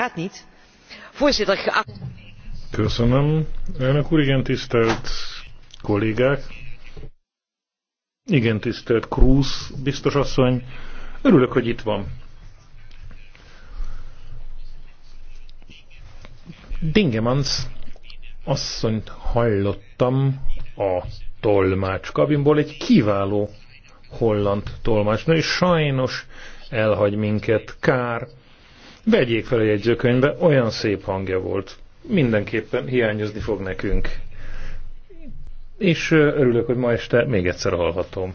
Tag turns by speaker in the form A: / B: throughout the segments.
A: Gaat niet. Voorzitter, geacht...
B: Köszönöm. Elnök úr, igen tisztelt kollégák. Igen tisztelt Krúz biztos asszony. Örülök, hogy itt van. Dingemans asszonyt hallottam a tolmács kabinból, egy kiváló holland tolmácsnő, és sajnos elhagy minket. Kár, Vegyék fel a jegyzőkönyvbe, olyan szép hangja volt. Mindenképpen hiányozni fog nekünk. És örülök, hogy ma este még egyszer hallhatom.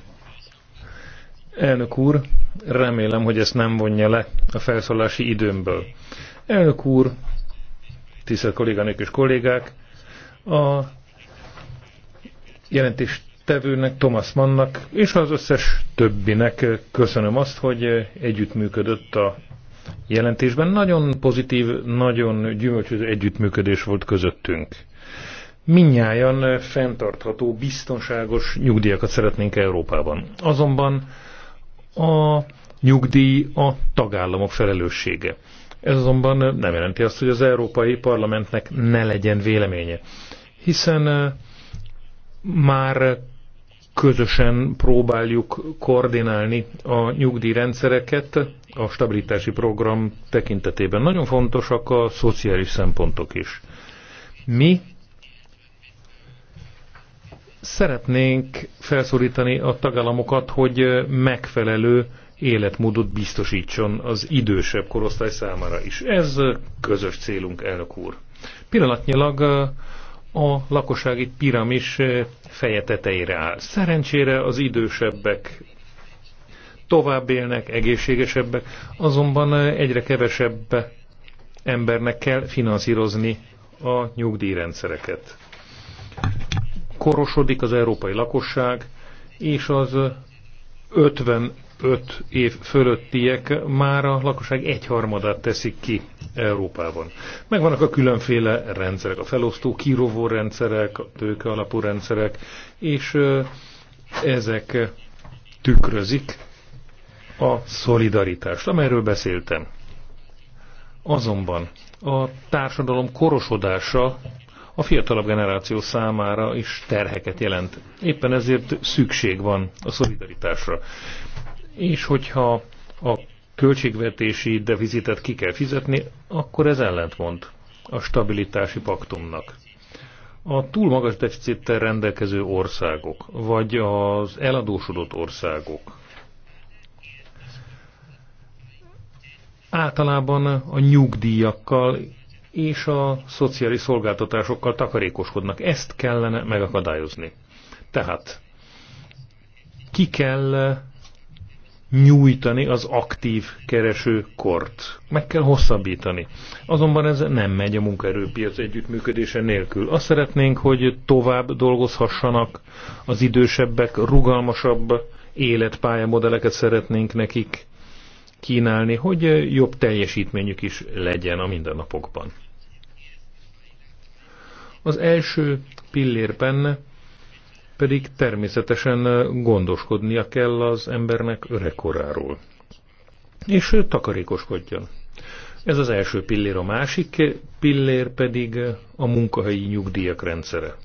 B: Elnök úr, remélem, hogy ezt nem vonja le a felszólási időmből. Elnök úr, tisztelt kolléganők és kollégák, a jelentést tevőnek, Thomas Mannnak és az összes többinek köszönöm azt, hogy együttműködött a jelentésben. Nagyon pozitív, nagyon gyümölcsöző együttműködés volt közöttünk. Minnyáján fenntartható, biztonságos nyugdíjakat szeretnénk Európában. Azonban a nyugdíj a tagállamok felelőssége. Ez azonban nem jelenti azt, hogy az Európai Parlamentnek ne legyen véleménye, hiszen eh, már közösen próbáljuk koordinálni a nyugdíjrendszereket a stabilitási program tekintetében. Nagyon fontosak a szociális szempontok is. Mi szeretnénk felszólítani a tagállamokat, hogy megfelelő életmódot biztosítson az idősebb korosztály számára is. Ez közös célunk, elnök úr. Pillanatnyilag a lakossági piramis feje tetejére áll. Szerencsére az idősebbek tovább élnek, egészségesebbek, azonban egyre kevesebb embernek kell finanszírozni a nyugdíjrendszereket. Korosodik az európai lakosság, és az 50 5 év fölöttiek már a lakosság egyharmadát teszik ki Európában. Megvannak a különféle rendszerek, a felosztó kirovó rendszerek, a tőke alapú rendszerek, és ezek tükrözik a szolidaritást, amelyről beszéltem. Azonban a társadalom korosodása a fiatalabb generáció számára is terheket jelent. Éppen ezért szükség van a szolidaritásra és hogyha a költségvetési devizitet ki kell fizetni, akkor ez ellentmond a stabilitási paktumnak. A túl magas deficittel rendelkező országok, vagy az eladósodott országok általában a nyugdíjakkal és a szociális szolgáltatásokkal takarékoskodnak. Ezt kellene megakadályozni. Tehát ki kell nyújtani az aktív kereső kort. Meg kell hosszabbítani. Azonban ez nem megy a munkaerőpiac együttműködése nélkül. Azt szeretnénk, hogy tovább dolgozhassanak az idősebbek, rugalmasabb életpályamodelleket szeretnénk nekik kínálni, hogy jobb teljesítményük is legyen a mindennapokban. Az első pillérben pedig természetesen gondoskodnia kell az embernek öregkoráról. És takarékoskodjon. Ez az első pillér, a másik pillér pedig a munkahelyi nyugdíjak rendszere.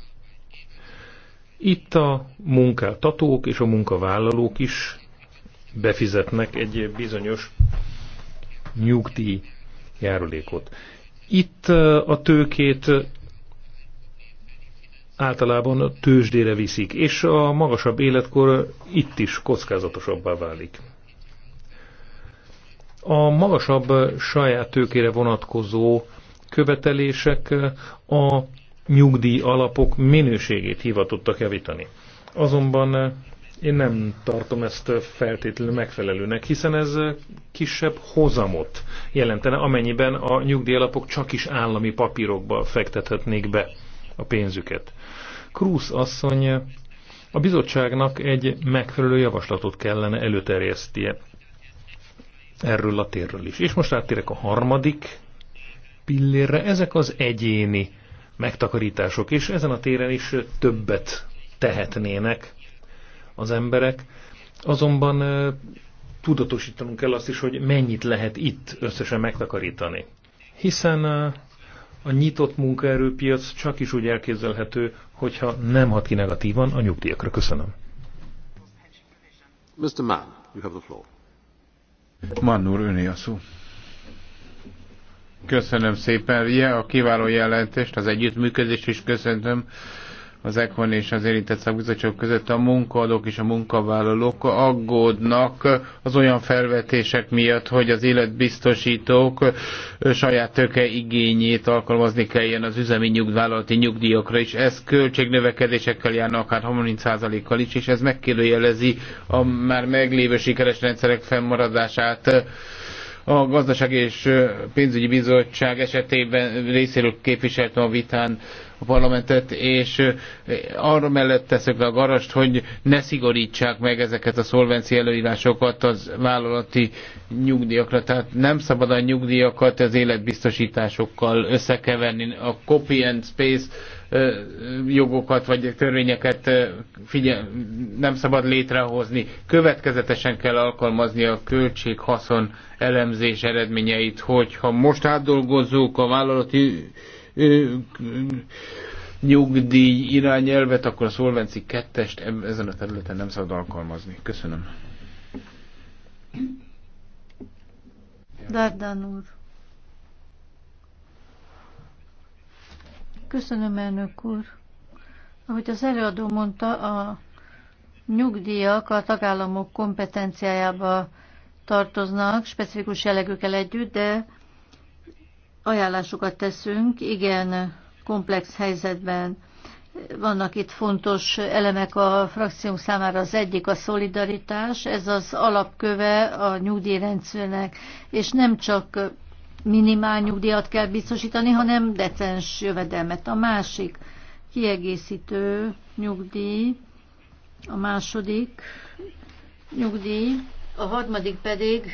B: Itt a munkáltatók és a munkavállalók is befizetnek egy bizonyos nyugdíj járulékot. Itt a tőkét általában a tőzsdére viszik, és a magasabb életkor itt is kockázatosabbá válik. A magasabb saját tőkére vonatkozó követelések a nyugdíj alapok minőségét hivatottak javítani. Azonban én nem tartom ezt feltétlenül megfelelőnek, hiszen ez kisebb hozamot jelentene, amennyiben a nyugdíjalapok csak is állami papírokba fektethetnék be a pénzüket. Krúz asszony a bizottságnak egy megfelelő javaslatot kellene előterjesztie erről a térről is. És most áttérek a harmadik pillérre, ezek az egyéni megtakarítások, és ezen a téren is többet tehetnének az emberek. Azonban tudatosítanunk kell azt is, hogy mennyit lehet itt összesen megtakarítani. Hiszen a nyitott munkaerőpiac csak is úgy elképzelhető, hogyha nem hat ki negatívan a nyugdíjakra. Köszönöm. Mr. Mann, you have the floor.
C: Mann úr, öné a szó. Köszönöm szépen. Ja, a kiváló jelentést, az együttműködést is köszöntöm az ECON és az érintett szakbizottságok között a munkaadók és a munkavállalók aggódnak az olyan felvetések miatt, hogy az életbiztosítók saját töke igényét alkalmazni kelljen az üzemi nyugdvállalati nyugdíjakra is. Ez költségnövekedésekkel járna akár 30%-kal is, és ez megkérdőjelezi a már meglévő sikeres rendszerek fennmaradását a gazdaság és pénzügyi bizottság esetében részéről képviseltem a vitán a parlamentet, és arra mellett teszek le a garast, hogy ne szigorítsák meg ezeket a szolvenci előírásokat az vállalati nyugdíjakra. Tehát nem szabad a nyugdíjakat az életbiztosításokkal összekeverni. A copy and space jogokat vagy törvényeket figyel, nem szabad létrehozni. Következetesen kell alkalmazni a költség-haszon elemzés eredményeit, hogyha most átdolgozzuk a vállalati nyugdíj irányelvet, akkor a szolvenci kettest ezen a területen nem szabad alkalmazni.
A: Köszönöm. Dardan úr. Köszönöm, elnök úr. Ahogy az előadó mondta, a nyugdíjak a tagállamok kompetenciájába tartoznak, specifikus jellegükkel együtt, de ajánlásokat teszünk, igen komplex helyzetben. Vannak itt fontos elemek a frakciónk számára. Az egyik a szolidaritás, ez az alapköve a nyugdíjrendszernek, és nem csak minimál nyugdíjat kell biztosítani, hanem decens jövedelmet. A másik kiegészítő nyugdíj, a második nyugdíj, a harmadik pedig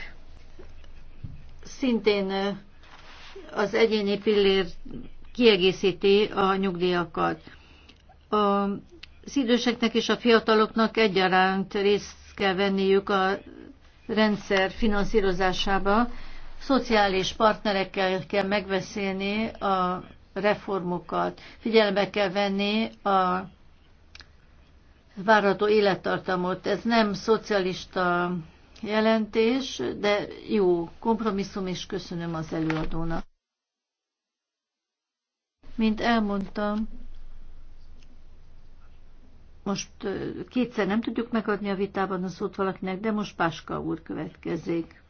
A: szintén az egyéni pillér kiegészíti a nyugdíjakat. Az időseknek és a fiataloknak egyaránt részt kell venniük a rendszer finanszírozásába. Szociális partnerekkel kell megbeszélni a reformokat. Figyelembe kell venni a várható élettartamot. Ez nem szocialista jelentés, de jó kompromisszum, és köszönöm az előadónak. Mint elmondtam, most kétszer nem tudjuk megadni a vitában a szót valakinek, de most Páska úr következik.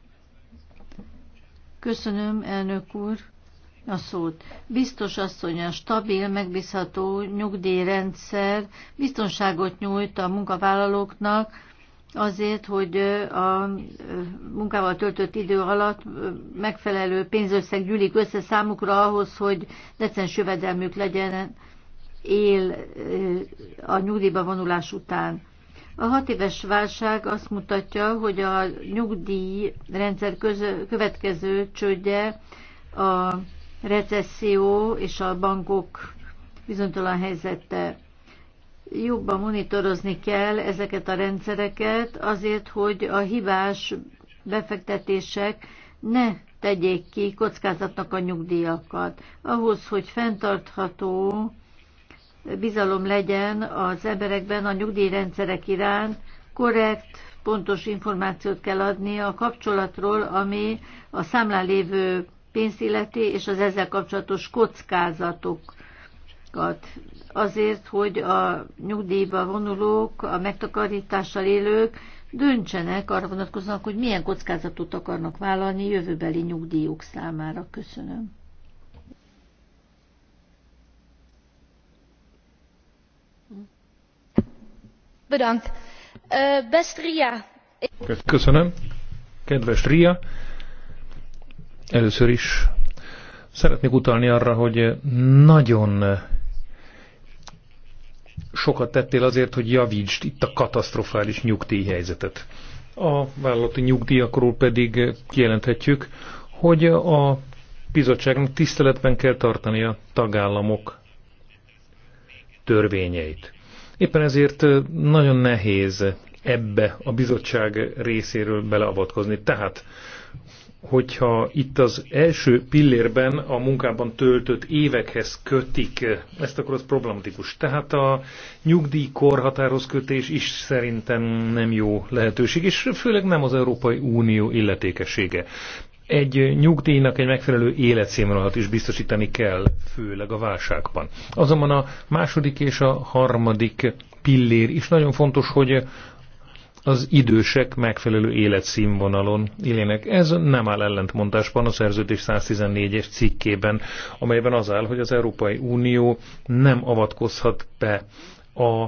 A: Köszönöm, elnök úr, a szót. Biztos asszony, a stabil, megbízható nyugdíjrendszer biztonságot nyújt a munkavállalóknak, azért, hogy a munkával töltött idő alatt megfelelő pénzösszeg gyűlik össze számukra ahhoz, hogy decens jövedelmük legyen él a nyugdíjba vonulás után. A hat éves válság azt mutatja, hogy a nyugdíjrendszer következő csődje a recesszió és a bankok bizonytalan helyzete jobban monitorozni kell ezeket a rendszereket azért, hogy a hibás befektetések ne tegyék ki kockázatnak a nyugdíjakat. Ahhoz, hogy fenntartható bizalom legyen az emberekben a nyugdíjrendszerek iránt, korrekt, pontos információt kell adni a kapcsolatról, ami a számlán lévő pénzilleti és az ezzel kapcsolatos kockázatokat azért, hogy a nyugdíjba vonulók, a megtakarítással élők döntsenek, arra vonatkoznak, hogy milyen kockázatot akarnak vállalni jövőbeli nyugdíjuk számára. Köszönöm. Bedankt. Best Ria.
B: Köszönöm. Kedves Ria, először is szeretnék utalni arra, hogy nagyon sokat tettél azért, hogy javítsd itt a katasztrofális nyugdíjhelyzetet. A vállalati nyugdíjakról pedig kijelenthetjük, hogy a bizottságnak tiszteletben kell tartani a tagállamok törvényeit. Éppen ezért nagyon nehéz ebbe a bizottság részéről beleavatkozni. Tehát hogyha itt az első pillérben a munkában töltött évekhez kötik, ezt akkor az problematikus. Tehát a nyugdíjkorhatárhoz kötés is szerintem nem jó lehetőség, és főleg nem az Európai Unió illetékessége. Egy nyugdíjnak egy megfelelő életszínvonalat is biztosítani kell, főleg a válságban. Azonban a második és a harmadik pillér is nagyon fontos, hogy az idősek megfelelő életszínvonalon élének. Ez nem áll ellentmondásban a szerződés 114-es cikkében, amelyben az áll, hogy az Európai Unió nem avatkozhat be a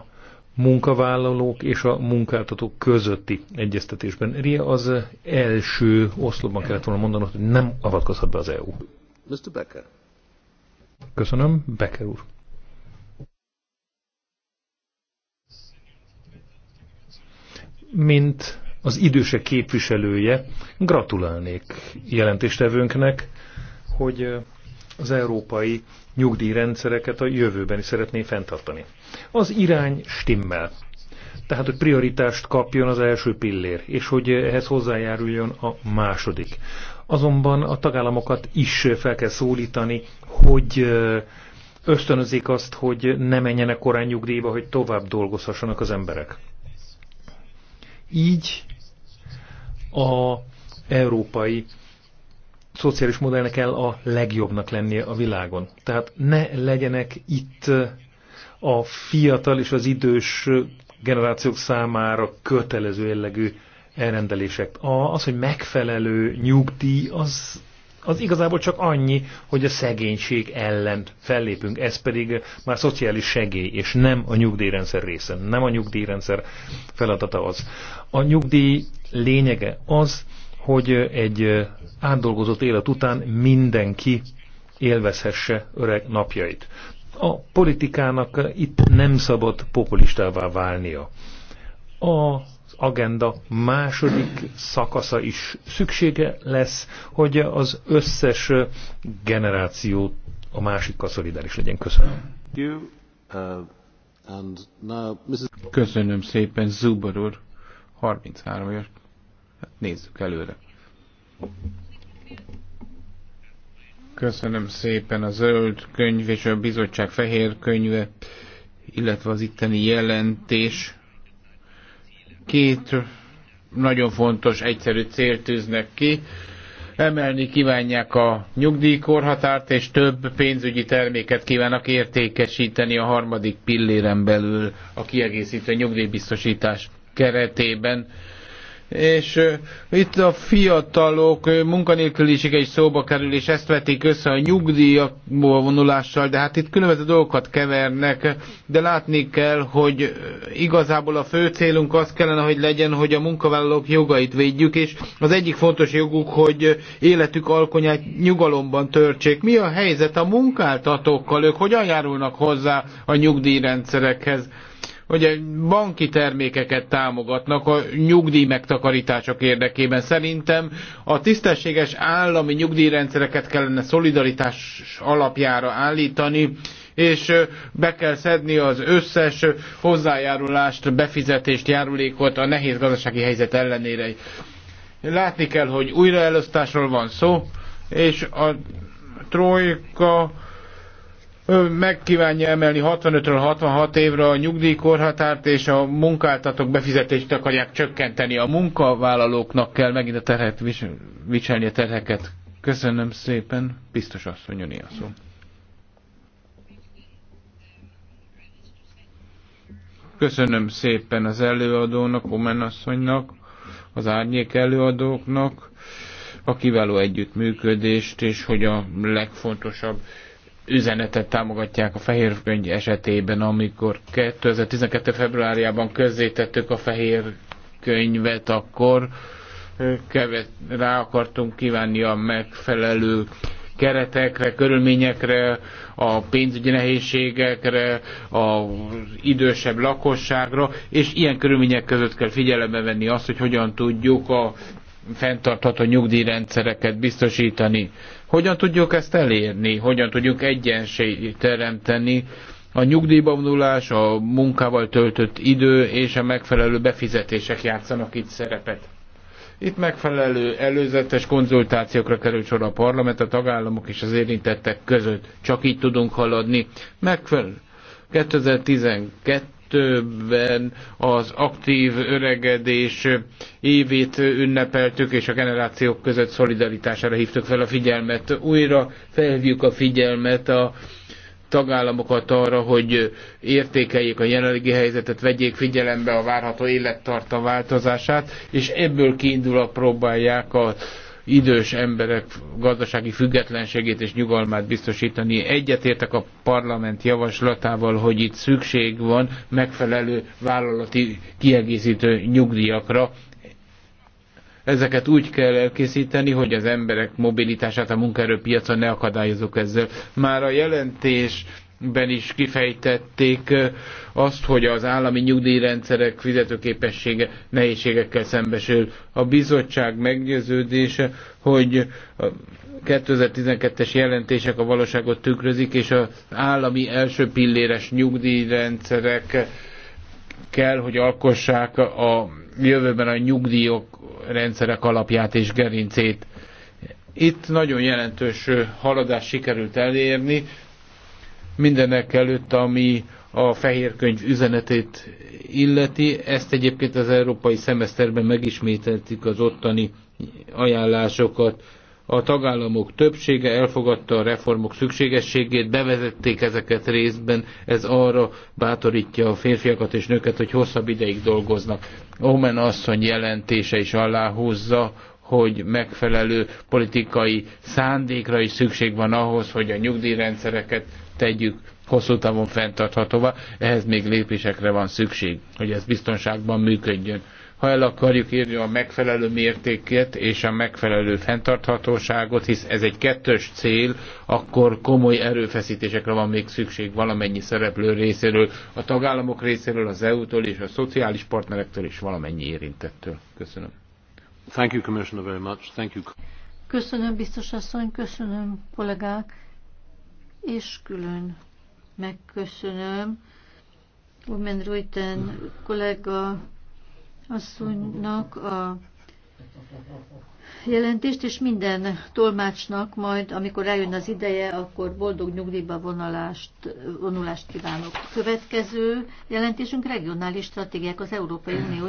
B: munkavállalók és a munkáltatók közötti egyeztetésben. Ria az első oszlopban kellett volna mondanod, hogy nem avatkozhat be az EU. Mr. Becker. Köszönöm, Becker úr. mint az idősek képviselője gratulálnék jelentéstevőnknek, hogy az európai nyugdíjrendszereket a jövőben is szeretné fenntartani. Az irány stimmel. Tehát, hogy prioritást kapjon az első pillér, és hogy ehhez hozzájáruljon a második. Azonban a tagállamokat is fel kell szólítani, hogy ösztönözik azt, hogy ne menjenek korán nyugdíjba, hogy tovább dolgozhassanak az emberek. Így a európai szociális modellnek kell a legjobbnak lennie a világon. Tehát ne legyenek itt a fiatal és az idős generációk számára kötelező jellegű elrendelések. Az, hogy megfelelő nyugdíj, az az igazából csak annyi, hogy a szegénység ellen fellépünk, ez pedig már szociális segély, és nem a nyugdíjrendszer része, nem a nyugdíjrendszer feladata az. A nyugdíj lényege az, hogy egy átdolgozott élet után mindenki élvezhesse öreg napjait. A politikának itt nem szabad populistává válnia. A agenda második szakasza is szüksége lesz, hogy az összes generáció a másikkal szolidáris legyen. Köszönöm. Uh, Köszönöm szépen, Zuber úr. 33
C: év. Hát nézzük előre. Köszönöm szépen a zöld könyv és a bizottság fehér könyve, illetve az itteni jelentés Két nagyon fontos, egyszerű célt tűznek ki. Emelni kívánják a nyugdíjkorhatárt, és több pénzügyi terméket kívánnak értékesíteni a harmadik pilléren belül a kiegészítő nyugdíjbiztosítás keretében és itt a fiatalok munkanélkülisége is szóba kerül, és ezt vetik össze a nyugdíjakból vonulással, de hát itt különböző dolgokat kevernek, de látni kell, hogy igazából a fő célunk az kellene, hogy legyen, hogy a munkavállalók jogait védjük, és az egyik fontos joguk, hogy életük alkonyát nyugalomban törtsék. Mi a helyzet a munkáltatókkal? Ők hogyan járulnak hozzá a nyugdíjrendszerekhez? hogy banki termékeket támogatnak a nyugdíj megtakarítások érdekében. Szerintem a tisztességes állami nyugdíjrendszereket kellene szolidaritás alapjára állítani, és be kell szedni az összes hozzájárulást, befizetést, járulékot a nehéz gazdasági helyzet ellenére. Látni kell, hogy újraelosztásról van szó, és a trojka megkívánja emelni 65-ről 66 évre a nyugdíjkorhatárt, és a munkáltatók befizetését akarják csökkenteni. A munkavállalóknak kell megint a terhet viselni a terheket. Köszönöm szépen, biztos asszony, a szó. Köszönöm szépen az előadónak, Omen asszonynak, az árnyék előadóknak a kiváló együttműködést, és hogy a legfontosabb üzenetet támogatják a fehér könyv esetében, amikor 2012. februárjában közzétettük a fehér könyvet, akkor kevet, rá akartunk kívánni a megfelelő keretekre, körülményekre, a pénzügyi nehézségekre, az idősebb lakosságra, és ilyen körülmények között kell figyelembe venni azt, hogy hogyan tudjuk a fenntartható nyugdíjrendszereket biztosítani. Hogyan tudjuk ezt elérni? Hogyan tudjuk egyensúlyt teremteni? A nyugdíjba vonulás, a munkával töltött idő és a megfelelő befizetések játszanak itt szerepet. Itt megfelelő előzetes konzultációkra kerül sor a parlament, a tagállamok és az érintettek között. Csak így tudunk haladni. Megfelelő. 2012 többen az aktív öregedés évét ünnepeltük, és a generációk között szolidaritására hívtuk fel a figyelmet. Újra felhívjuk a figyelmet a tagállamokat arra, hogy értékeljék a jelenlegi helyzetet, vegyék figyelembe a várható élettarta változását, és ebből kiindulva próbálják a idős emberek gazdasági függetlenségét és nyugalmát biztosítani. Egyetértek a parlament javaslatával, hogy itt szükség van megfelelő vállalati kiegészítő nyugdíjakra, ezeket úgy kell elkészíteni, hogy az emberek mobilitását a munkaerőpiacon ne akadályozok ezzel. Már a jelentés ben is kifejtették azt, hogy az állami nyugdíjrendszerek fizetőképessége nehézségekkel szembesül. A bizottság meggyőződése, hogy 2012-es jelentések a valóságot tükrözik, és az állami első pilléres nyugdíjrendszerek kell, hogy alkossák a jövőben a nyugdíjok rendszerek alapját és gerincét. Itt nagyon jelentős haladást sikerült elérni, mindenek előtt, ami a fehér könyv üzenetét illeti. Ezt egyébként az európai szemeszterben megismételtik az ottani ajánlásokat. A tagállamok többsége elfogadta a reformok szükségességét, bevezették ezeket részben, ez arra bátorítja a férfiakat és nőket, hogy hosszabb ideig dolgoznak. Omen asszony jelentése is aláhúzza, hogy megfelelő politikai szándékra is szükség van ahhoz, hogy a nyugdíjrendszereket tegyük hosszú távon fenntarthatóvá, ehhez még lépésekre van szükség, hogy ez biztonságban működjön. Ha el akarjuk írni a megfelelő mértékét és a megfelelő fenntarthatóságot, hisz ez egy kettős cél, akkor komoly erőfeszítésekre van még szükség valamennyi szereplő részéről, a tagállamok részéről, az EU-tól és a szociális partnerektől és valamennyi érintettől.
B: Köszönöm. Thank you, Commissioner, very much. Thank you.
A: Köszönöm, biztos asszony, köszönöm, kollégák és külön megköszönöm Women Ruiten kollega asszonynak a jelentést, és minden tolmácsnak majd, amikor eljön az ideje, akkor boldog nyugdíjba vonalást, vonulást kívánok. Következő jelentésünk regionális stratégiák az Európai Unió